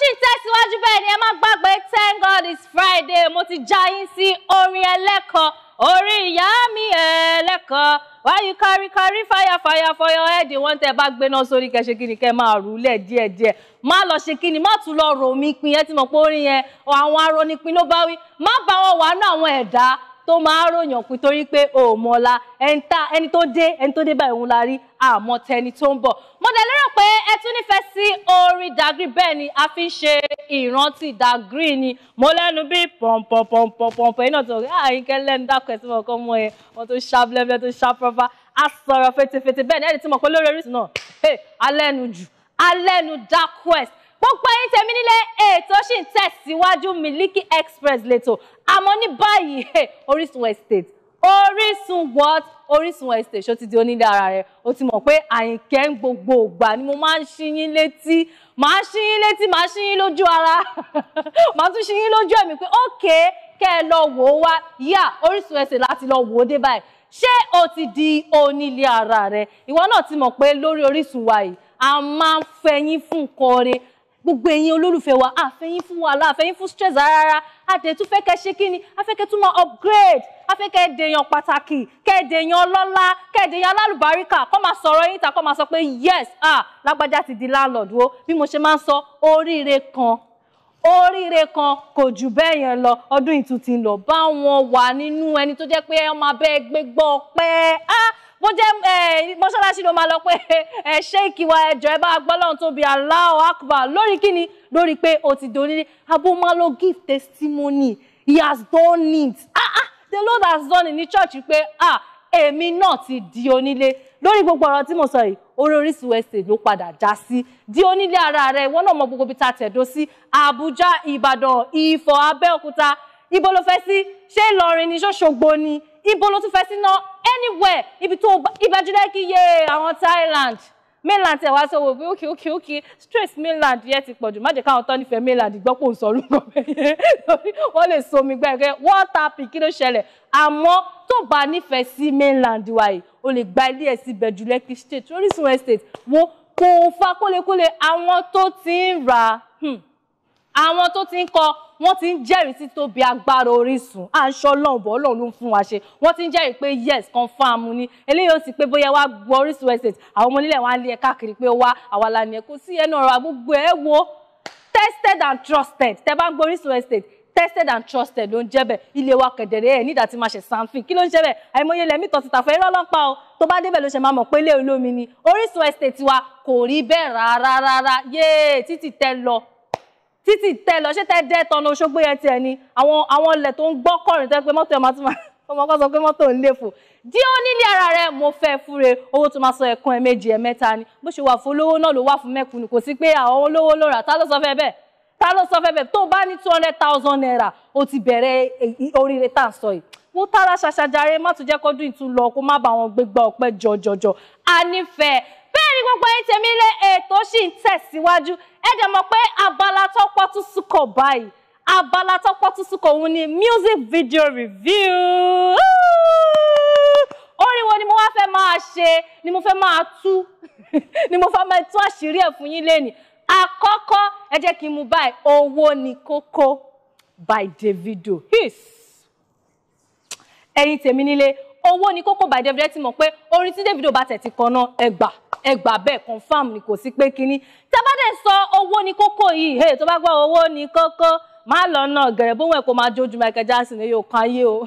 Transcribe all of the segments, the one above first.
ṣì ń tẹ̀síwájú bẹ́ẹ̀ ni ẹ má gbàgbé thank God is Friday mo ti já yín sí orin ẹlẹ́kọ̀ọ́ orin ìyá mi ẹlẹ́kọ̀ọ́ why you carry carry fire fire for your head wọ́n tẹ́ bá gbéná sórí kẹ́ṣe kí ni kẹ́ máa rú lẹ̀ díẹ̀díẹ̀ má lọ ṣe kí ni má tún lọ rò mí pin ẹ ti mọ̀ pé orin yẹn àwọn arónípin ló bá wí má bá wọn wà ní àwọn ẹ̀dá tó máa ròyàn kú torí pé o ò mọ̀la ẹni tó dé ẹni tó dé báyìí òun la rí àmọ́ tẹni tó ń bọ̀. mo dẹ̀ lérò pé ẹ tún nífẹ̀ẹ́ sí orin dagri bẹ́ẹ̀ ni a fi ń ṣe ìrántí dagri ni mo lẹ́nu bí pọ̀npọ̀npọ̀npọ̀npọ̀ iná tó àyíkẹ́ ah, lẹ́nu dákọ̀ ẹ̀sìn ọkọ mọ́ ẹ wọn tó ṣá blẹ́blẹ́ tó ṣá pọ́fà á sọ̀rọ̀ fetefete bẹ́ẹ̀ ni ẹni tí mo pé lórí Orísun náà gbogbo yín tèmi nílé ètò ṣì ń tẹ̀síwájú Miliki Express lẹ́tọ̀ àmọ́ ní báyìí Orísun Estate Orísun what Orísun Estate ṣó ti di onílé ara rẹ̀ o ti mọ̀ pé Àyìnkẹ́ ń gbogbo ìgbà ni mo máa ń ṣí yín létí màá ṣí yín létí màá ṣí yín lójú ara màá tún ṣí yín lójú ẹ̀mí pé ókè kẹ́ ẹ lọ wò ó wá yá Orísun Estate láti lọ wò ó dé báyìí ṣé o ti di onílé ara rẹ̀ ìwọ náà ti mọ̀ pé lórí Orísun wa yìí a máa ń fẹyín fún kọrin gbogbo ẹ̀yin olólùfẹ́ wa àfẹ́yìn fún wàhálà àfẹ́yìn fún stress rárá àdètú fẹ́ kẹ́ ṣe kí ni afẹ́kẹ́ tún máa upgrade afẹ́kẹ́ dèèyàn pàtàkì kẹ́ dèèyàn ọlọ́lá kẹ́ dèèyàn alálùbáríkà kọ́ máa sọ̀rọ̀ yín ta kọ́ máa sọ pé yes ah lágbájá ti di landlord wo bí mo ṣe máa ń sọ oríire kan oríire kan kò jù bẹ́ẹ̀ yẹn lọ ọdún ìtun ti ń lọ bá wọn wà nínú ẹni tó jẹ́ pé ọmọ abẹ́ gbégbọ́ pẹ́ ah bó jẹ́ mọ́ṣáláṣí ló máa lọ pé ẹ ṣé ìkíwa ẹjọ́ ẹ bá gbọ́lọ́run tóbi Allahu Akbar lórí kíni lórí pé o ti dorí abomalo give testimony he has done it ah ah the Lord has done it ní church pé ah èmi náà ti di onílé lórí gbogbo ọ̀rọ̀ tí mo sọ yìí orí Orísun ló padà já sí di onílé ara rẹ̀ ìwọ náà mọ gbogbo ibi tá a tẹ̀dó sí Àbújá Ìbàdàn Ifọ̀ Abẹ́òkúta ibo ló fẹ́ sí ṣé Ìlọrin ni ṣóṣogbo ni ibo ló tún fẹ́ sí náà anywhere ibi tó ìbàjúdẹ́ kí yé àwọn Thailand mainland ẹ̀ wá sọ̀wọ́ bí ókè ókè ókè stress mainland yẹn ti pọ̀jù má jẹ́ káwọn tó nífẹ̀ẹ́ mainland gbọ́ pò ń sọ orúkọ bẹ́ẹ̀ wọ́n lè so omi gbẹ́gbẹ́ water pic kí ló ṣẹlẹ̀ àmọ́ tó bá nífẹ̀ẹ́ sí mainland wa yìí o lè gba ilé ẹ̀ sí bẹ̀jù Lekki state Orísun estate wo kò fa kólekóle àwọn tó ti ń ra. Hmm àwọn tó ti ń kọ wọ́n ti ń jẹ́rìí sí tóbi agbára Orísun à ń ṣọ́ lọ́hùn bọ́ lọ́hùn ló ń fún wa ṣe wọ́n ti ń jẹ́rìí pé yes confam ni eléyìí ó sì pé bóyá wá gbọ́ Orísun estate àwọn ọmọ onílẹ̀ wọn á lé ẹ káàkiri pé wá àwa la ni ẹ kó sí ẹnu ọ̀rọ̀ àgbógbó ẹ wo tested and trusted tẹ bá ń gbọ́ Orísun estate tested and trusted ló ń jẹ́ bẹ̀ ilé wa kẹ̀dẹ̀rẹ́ ẹ̀ nígbà tí ma ṣe sanfin kí ló ń jẹ́ bẹ̀ àìmọye lẹ́mí tọ̀ síta fẹ́ irọ́ ọlọ́pà o tó bá débẹ̀ ló ṣe máa mọ̀ pé ilé olómi ni Orísun estate wa kò rí bẹ́ẹ̀ rárá rárá yéé títí tẹ lọ títì tẹ lọ ṣé tẹ dẹ tọnà Òṣogbo yẹn tiẹ̀ ni àwọn àwọn ilẹ̀ tó ń gbọ́ kọrin tẹ pé mọ́tò ẹ̀ máa tún máa ọmọ kan sọ pé mọ́tò ń léfò dí ó nílé ara rẹ mo fẹ́ fúre owó tó máa sọ ẹ̀kan ẹ̀mejì ẹ̀mẹ́ta ni bó ṣe wà fún olówó náà ló wà fún mẹ́kùnù kò sí pé àwọn olówó ló rà tá ló sọ fẹ́ bẹ́ẹ̀ ta ló sọ fẹ́ bẹ́ẹ̀ tó bá ní two hundred thousand naira ó ti bẹ̀rẹ̀ oríire tá à ń sọ yìí mo tara ṣàṣàjàre má tún jẹ́ kọ́dún ìtúlọ kó má bá wọn gbégbá ọpẹ́ jọjọjọ a nífẹ̀ẹ́ gbogbo yín tèmi lé ètò sì ń tẹ̀síwájú ẹ dẹ̀ mọ̀ pé abala tó pọ̀ tún sùkọ̀ báyìí abala tó pọ̀ tún sùkọ̀ òun ni music video review orin wo ni mo wá fẹ́ máa ṣe ni mo fẹ́ máa tú ni mo fẹ́ máa tú àṣírí ẹ̀ fún yín lẹ́nìí àkọ́kọ́ ẹ jẹ́ kí n mú báyìí owó ni kókó by Davido his ẹ̀yin tèmi nílé owó ni kókó by Davido ti mọ̀ pé orin tí Davido bá tẹ̀ ti kọ náà ẹ gbà ẹ gbà bẹ́ẹ̀ confam ni kò sí pé kínní tẹ́ bá dẹ̀ sọ owó ní kókó yìí hey tó bá gbọ́ owó ní kókó má lọ náà gẹ̀rẹ̀ bóun ẹ̀ kó máa jójú Michael Jackson ní yóò kan ayé o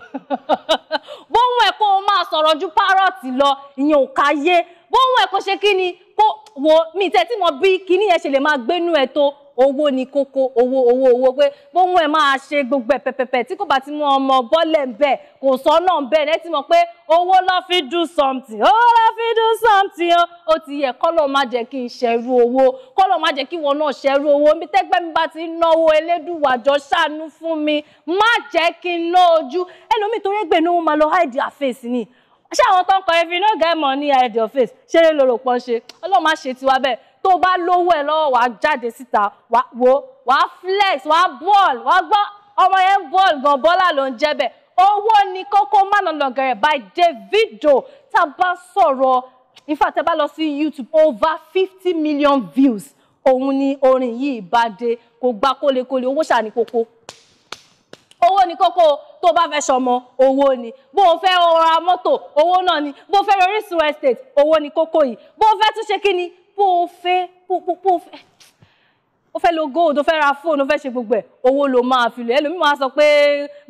bóun ẹ̀ kó máa sọ̀rọ̀ ju párọ̀tì lọ ìyẹn ò káyé bóun ẹ̀ kó ṣe kí kó wo mi tẹ́ tí mo bí kíní yẹn ṣe lè máa gbénú ẹ̀ tó owó ni kókó owó owó owó pé bóun ẹ máa ṣe gbogbo ẹ pẹpẹpẹ tí kò bá ti mú ọmọ bọ́lẹ̀ ń kò sọ́nà ń bẹ̀ ẹ ti mọ̀ pé owó ló fi do something owó ló fi do something o ó ti yẹ kọ́lọ̀ má jẹ́ kí n ṣẹ̀rú owó kọ́lọ̀ má jẹ́ kí wọn náà ṣẹ̀rú owó mi tẹ́gbẹ́ mi bá ti ń náwó elédùwàjọ ṣàánú fún mi má jẹ́ kí n ná ojú ẹlòmíì torí ẹgbẹ́ ní wọn lọ hide their face ni ṣé àwọn tó ń kọ if you no get money hide your face ṣeré lorò pọ́n ṣe ọlọ́run má ṣe tiwa bẹ́ẹ̀ tó bá lówó ẹ lọ́wọ́ wàá jáde síta wo wàá flex wàá bọ́ọ̀lù wàá gbọ́ ọmọ yẹn bọ́ọ̀lù gan bọ́lá ló ń jẹ́ bẹ́ẹ̀ owó ni kókó má lọ lọ̀gẹ̀rẹ̀ by Davido tá a bá sọ̀rọ̀ in fact tá bá lọ sí YouTube over fifty million views òun ni orin yìí bá dé kò gba kólekóle owó ṣà kókó owó ni kókó tó bá fẹ́ ṣọmọ owó ni bó o fẹ́ ra mọ́tò owó náà ni bó o fẹ́ ra Orísun estate owó ni kókó yìí bó o fẹ́ tún ṣe kí ni bó o fẹ́ bó bó o fẹ́ o fẹ́ lo gold o fẹ́ ra phone o fẹ́ ṣe gbogbo ẹ̀ owó ló máa fi lò ẹlòmíì máa sọ pé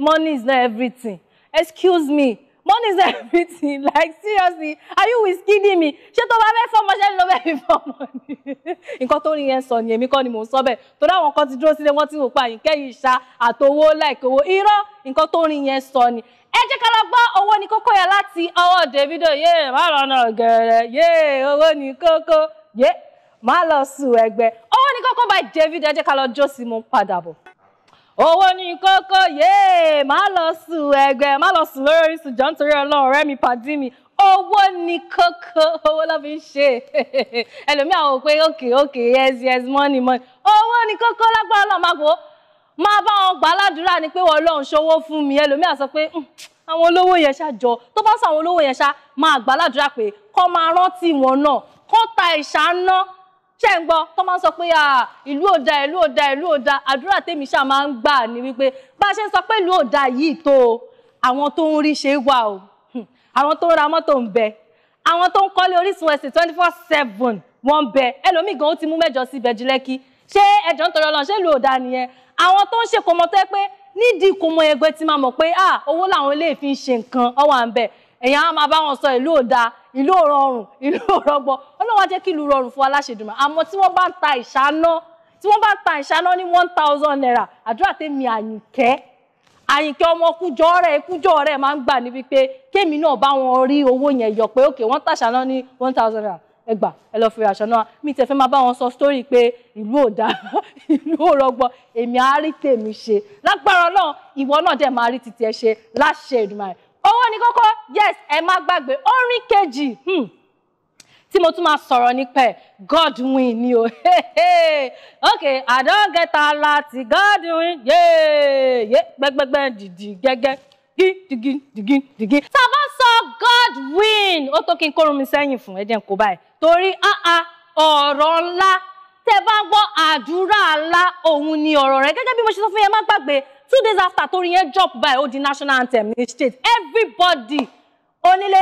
money is not everything excuse me money is everything like seriously are you with kidding me ṣé tó bá fẹ́ fọmọ ṣé ló fẹ́ fi fọmọ ni nǹkan tó rí yẹn sọ ni èmi kọ́ ni mò ń sọ bẹ́ẹ̀ torí àwọn kan ti dúró sílé wọ́n ti wò pa àyìnkẹ́ yìí ṣá àtowó láìkówó irọ́ nǹkan tó rí yẹn sọ ni ẹ jẹ́ ká lọ gbọ́ owó ni kókó yẹn láti ọwọ́ Davido yéè má lọ́nà gẹ̀rẹ̀ yéè owó ni kókó yé má lọ sùn ẹgbẹ́ owó ní kókó bá jẹ fídíò jẹ́ ká lọ jó sí mo padà bọ̀ owó ní kókó yé má lọ sùn ẹgbẹ́ má lọ sùn lórí Orísun jọ nítorí Ọlọ́run ọ̀rẹ́ mi pàdí mi owó ní kókó owó ló fi ń ṣe ẹlòmíà wò pé okay okay yes yes money money owó ní kókó lágbára Ọlọ́run máa gbọ́ máa bá wọn gbà ládùúrà ni pé wọn lọ́hùn ṣòwò fún mi ẹlòmíà sọ pé hmm, àwọn olówó yẹn ṣá jọ tó bá sọ àwọn olówó yẹn ṣá máa gbà ládùúrà pé kọ́ máa rántí wọn náà kán ta ìṣáná ṣe ń gbọ́ tó máa ń sọ pé ìlú ò da ìlú ò da ìlú ò da àdúrà tèmi ṣáà máa ń gbà ní wípé bá a ṣe ń sọ pé ìlú ò yìí tó àwọn tó ń rí ṣe wà o hmm. àwọn tó ń ra mọ́tò ń bẹ àwọn tó ń kọ́lé Orísun ẹ̀sìn twenty four seven wọ́n ń bẹ ẹlòmíì gan ó ti mú mẹ́jọ sí bẹ́jìlẹ́kì ṣé ẹ̀jọ̀ ń tọrọ lọ ṣé ìlú ò da nìyẹn àwọn tó ń ṣe kò mọ̀ tó yẹ pé nídìí kò ẹgbẹ́ ti máa mọ̀ pé owó làwọn eléyìí fi ṣe nǹkan ọwọ́ à ń bẹ̀ èèyàn á máa bá wọn sọ ìlú ò ìlú ò rọrùn ìlú ò rọgbọ ọlọ́wà jẹ́ kí ìlú rọrùn fún aláṣẹdùnmọ̀ àmọ́ tí wọ́n bá ń ta ìṣáná tí wọ́n bá ń ta ìṣáná ní one thousand naira àdúrà tèmi àyìnkẹ́ àyìnkẹ́ ọmọ kújọ rẹ̀ kújọ rẹ̀ máa ń gbà níbi pé kémi náà bá wọn rí owó yẹn yọ pé òkè wọ́n tàṣáná ní one thousand naira ẹgbà ẹ lọ fìrì àṣọ náà mi tẹ fẹ́ máa bá wọn sọ sítórì pé ìlú ò dá ìlú ò rọgbọ èmi á rí tèmi ṣe lágbára Ọlọ́run ìwọ náà dẹ̀ máa rí titi ẹ ṣe láṣẹ Èdùmàrè owó ní kókó yes ẹ má gbàgbé orin kejì hmm. tí mo tún máa sọ̀rọ̀ nípa ẹ̀ Godwin ni o okay I don get a láti Godwin yéèyé gbẹgbẹgbẹ dìdì gẹ́gẹ́ dìgí dìgí dìgí. tá a bá sọ Godwin ó tó kí n kórun mi sẹ́yìn fún ẹ̀jẹ̀ kó báyìí torí ah, ah, ọ̀rọ̀ ńlá tẹ bá ń gbọ́ àdúrà ńlá òun ni ọ̀rọ̀ rẹ̀ gẹ́gẹ́ bí mo ṣe sọ fún yẹn má gbàgbé two days after torin yẹn drop by ó di national anthem in state everybody onílé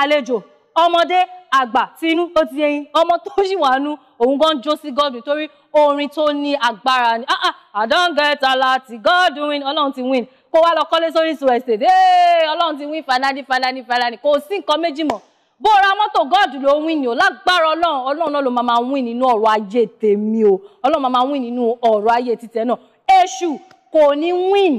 àlejò ọmọdé àgbà tinú ó ti yẹyin ọmọ tó ṣì wà nú òun gan jó sí Godwin torí orin tó ní agbára ni ah ah i don get alert Godwin Ọlọ́run ti win kó wá lọ kọ́lé sórí ìṣòro ẹsẹ ee Ọlọ́run ti win fanani fanani fanani kò sí nǹkan méjì mọ́ bó ra mọ́tò God ló ń win ni o lágbára Ọlọ́run Ọlọ́run náà ló máa win nínú ọ̀rọ̀ ayé tèmi o Ọlọ́run máa win nínú ọ̀rọ̀ ayé títẹ náà èṣù kò ní win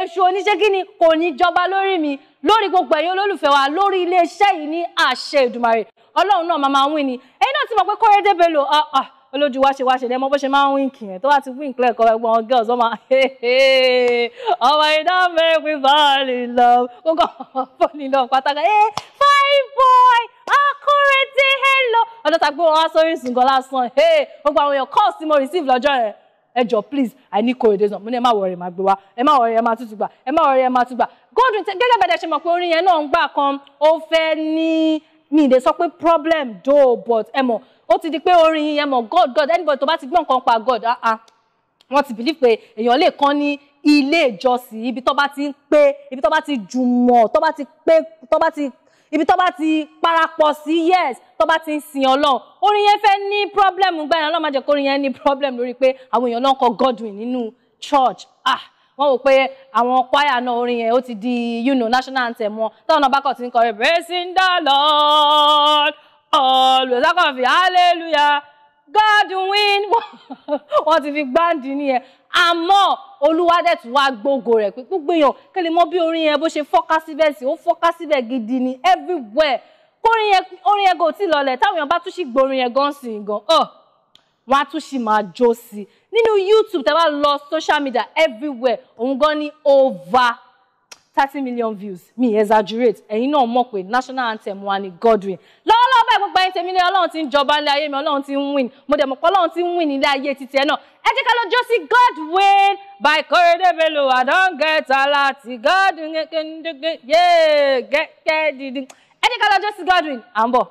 èṣù oníṣẹ́ kí ni kò ní jọba lórí mi lórí gbogbo ẹ̀yin olólùfẹ́ wa lórí iléeṣẹ́ yìí ní àṣẹ Èdùmàrè ọlọ́run náà máa máa win ni ẹ̀yin náà ti mọ̀ pé Kórédé Bello ah, ah, olójú wáṣe wáṣe lẹ́mọ bó ṣe máa ń win kìyẹn tó bá ti win clear kọ́ra ẹgbọ́n girls ọmọ ọmọ ìdá mẹ́rin pé fall in love gbogbo fall in love pátákà ẹ fine boy Kórédé hello ọjọ́ tá a gbé wọn wá sórí ìsìnkọ́ lásán gbogbo àwọn èèyàn calls tí mo receive lọ́jọ́ yẹn ẹ please i need corridors náà mo ní ẹ má wọrẹ má gbé wa ẹ má wọrẹ ẹ má tútù gbà ẹ má wọrẹ ẹ má tútù gbà Godwin gẹ́gẹ́ bẹ́ẹ̀ ṣe mọ̀ pé orin yẹn náà ń gbà kan ó fẹ́ ní mi ìdè sọ pé problem do but ẹ mọ̀ ó ti di pé orin yẹn mọ̀ God God anybody tó bá ti gbọ́ nǹkan pa God ah ah wọ́n ti believe pé èèyàn lè kàn ní ilé ìjọsìn ibi tó bá ti pé ibi tó bá ti jùmọ̀ tó bá ti pé tó bá ti ibi tó bá ti parapọ̀ sí yes tó bá ti ń sin ọlọ́run orin yẹn fẹ́ ní problem gbẹ́yìn ọlọ́run má jẹ́ kó orin yẹn ní problem lórí pé àwọn èèyàn náà kọ Godwin nínú church ah wọ́n wò pé àwọn kwaya náà orin yẹn ó ti di you know national anthem wọn táwọn náà bá kọ̀ tí ń kọrin praising the Lord always akọ̀fì hallelujah Godwin wọ́n ti fi gbáǹdì nìyẹn àmọ́ olúwadẹ̀tù wá gbogbo rẹ̀ pé gbogbo èèyàn kí lè mọ bí orin yẹn bó ṣe fọ́ká síbẹ̀ sí ó fọ́ká síbẹ̀ gidi ni everywhere kórin yẹn orin yẹn kò tí ì lọlẹ̀ táwọn èèyàn bá tún sì gbórin yẹn gan sí gan ọ wọn á tún sì máa jó sí nínú YouTube tẹ́ bá lọ social media everywhere òun gan ni over thirty million views mi exaggerate ẹ̀yin náà mọ̀ pé national anthem wa ni Godwin lọ́wọ́ gbogbo ẹ̀yin tèmi lé ọlọ́run ti ń jọba ilé mi ọlọ́run ti win mo dẹ̀ mọ̀ pé ọlọ́run ti win ilé ayé títí ẹ náà ẹ jẹ́ ká lọ jó sí God win by Korede Bello I don get alert God yeah get get ẹ jẹ́ ká lọ jó sí God win Ambo.